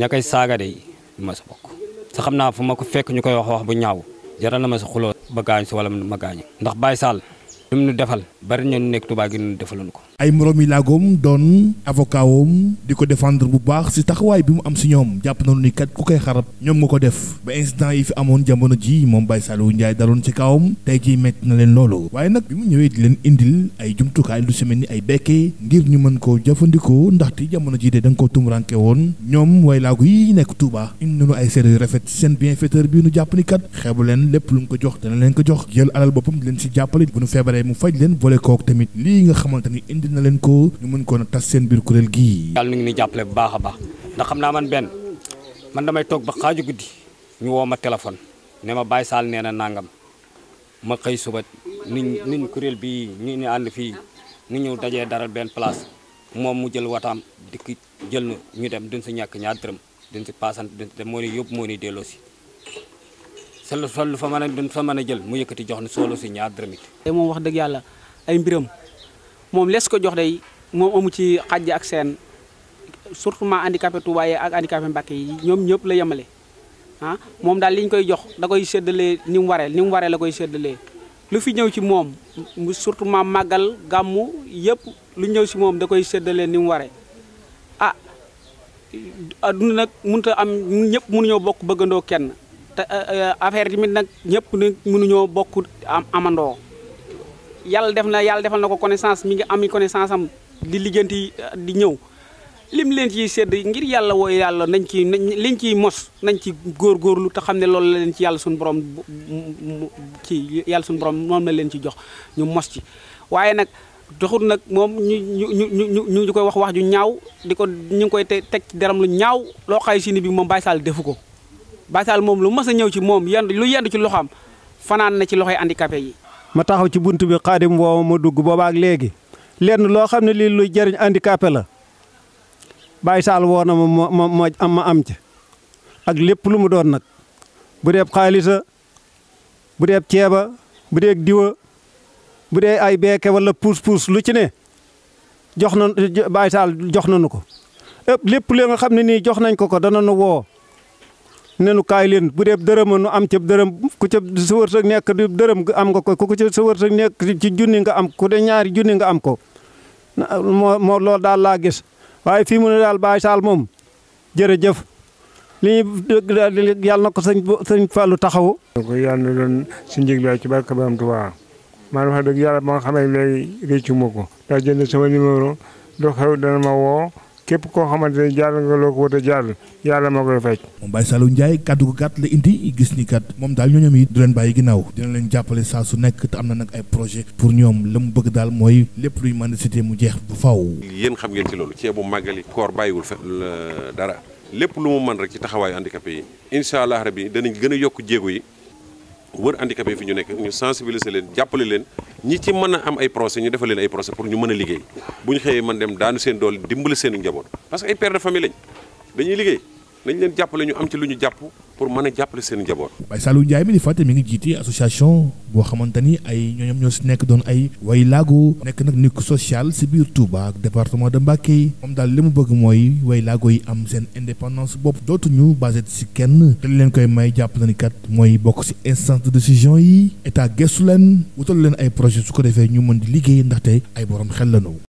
ñakay saaga de ma bokk sa xam naa fu ma ko fekk ñu koy wax wax bu ñaaw jaral na ma sa xuloo ba gaañ si wala ma gaañu ndax Baye Sall li mu defal bari na ñu nekk Touba gi ñu defaloon ko. ay moroomi laagoom doon avocat di ko défendre bu baax ci taxawaay bi mu am ci ñoom jàpp nañu ni kat ku koy xarab ñoom nga ko def ba incident yi fi amoon jamono ji moom Baye Saliou Ndiaye daloon ci kawam tey jii metti na leen loolu waaye nag bi mu ñëwee di leen indil ay jumtukaay lu ci mel ni ay bekkee ngir ñu mën koo jëfandikoo ndaxte jamono ji de da nga koo tumuraanke woon ñoom way laago yi nekk Touba indi ñu jàpp ni kat xeebu leen lépp lu mu ko jox dana leen ko jox jël alal boppam di leen pare mu faj leen boole kook tamit lii nga xamante tamit indi na leen ko ñu mën koon a tas seen biir kuréel gii. yàlla na ngi ni jàppale bu baax a baax ndax xam naa man benn man damay toog ba xaaju guddi ñu woo ma téléphone ne ma bàyyi saal nee na nangam ma xëy suba niñ niñ kuréel bi ñu ni ànd fii ni ñëw dajee daral benn place moom mu jël wataam dikk jël ñu dem duñ si ñàkk ñaar dërëm duñ si paasante duñ si dem moo ni yóbbu moo ni delloo si sell sol fa mën a duñ fa mën a jël mu yëkkati jox ni solo si ñaar dërëm it te moom dëgg yàlla ay mbiram moom lees ko jox day moom ci xajj ak seen surtout ma handicapé ak handicapé Mbàkke yi ñoom ñëpp la yemale ah moom daal li koy jox da koy séddalee ni mu waree ni mu waree la koy séddalee lu fi ñëw ci moom surtout ma màggal gàmmu yëpp lu ñëw si moom da koy seddalee ni mu waree ah aduna nag mënut a am ñëpp mënuñoo bokk bëggandoo kenn te eh, eh, affaire yi tamit nag ñëpp ni mënuñoo bokk am amandoo yàlla def na yàlla defal na ko connaissance mi ngi ami connaissance am di ligganti eh, di ñëw lim leen ciy sedd ngir yàlla wooy yàlla nañ ci liñ ci mos nañ ci góorgóorlu te xam ne loolu la leen ci yàlla suñu borom ci yàlla suñu borom moom la leen ci jox ñu mos ci waaye nag doxut nag moom ñu ñu ñu ñu ñu koy wax wax ñu ñaaw di ko ñu ngi koy teg ci deram lu ñaaw loo xay si ni bi moom Baye Sall defu ko Baytaal moom lu mas a ñëw ci moom yendu lu yendu ci loxoom fanaan na ci loxoy handicapé yi. ma taxaw ci bunt bi xaadim woo ma dugg boobaak léegi lenn loo xam ne lii lu jariñ handicapé la Baye Sall woo na ma ma ma am ca ak lépp lu mu doon nag bu dee xaalisa bu dee ceeba bu dee diwa bu dee ay beeke wala puus-puus lu ci ne jox na Baye Sall jox nañu ko lépp li nga xam ne nii jox nañ ko ko dana nu woo. nenu kaay leen bu dee dërëm nu am ca dërëm ku ca sa wërsëg nekk di dërëm am nga ko ku ca sa wërsëg nekk ci junni nga am ku de ñaari junni nga am ko moo moo loolu daal laa gis waaye fii mu ne daal Baye Sall moom jërëjëf li ñu yàlla na ko sañ sëñ Fallou taxawu. ko yàlla na doon si njëg bi ci barke Borom Tuubaa maanaam wax dëgg yàlla ba nga xam ne léegi réccu ma ko. daa jënd sama numéro doo xew dana ma woo. képp koo xamante ne jàll nga loo ko war a jàll yàlla moo koy faj. moom Baye Saliou Ndiaye kàddu gu gàtt la indi gis ni kat moom daal ñooñoom yi du leen bàyyi ginnaaw dina leen jàppale saa su nekk te am na nag ay projet pour ñoom la mu bëgg daal mooy lépp luy mendicité mu jeex bu faaw. yéen xam ngeen ci loolu ceebu màggali koor bàyyiwul fe dara lépp lu mu mën rek ci taxawaayu handicapé yi incha allah rabi danañ gën a yokk jéego yi wër handicapé yi fi ñu nekk ñu sensibiliser leen jàppale leen ñi ci mën a am ay procès ñu defal leen ay procès pour ñu mën a liggéey bu ñu xëyee mën dem daanu seen dool dimbali seen njaboot parce que ay père de famille lañ dañuy liggéey nañ leen jàppale ñu am ci lu ñu jàpp pour mën a jàppale seen njaboot. Baye Saliou Ndiaye mi di fàtte mi ngi jiite association boo xamante ni ay ñooñam ñoo si nekk doon ay way laago nekk nag nit ku social si biir Touba ak département de Mbacké moom daal li mu bëgg mooy way laago yi am seen indépendance bopp dootuñu base si kenn te leen koy may jàpp na ni kat mooy bokk si instance de décision yi état gëstu leen wutal leen ay projet su ko defee ñu mën di liggéey ndaxte ay borom xel la ñu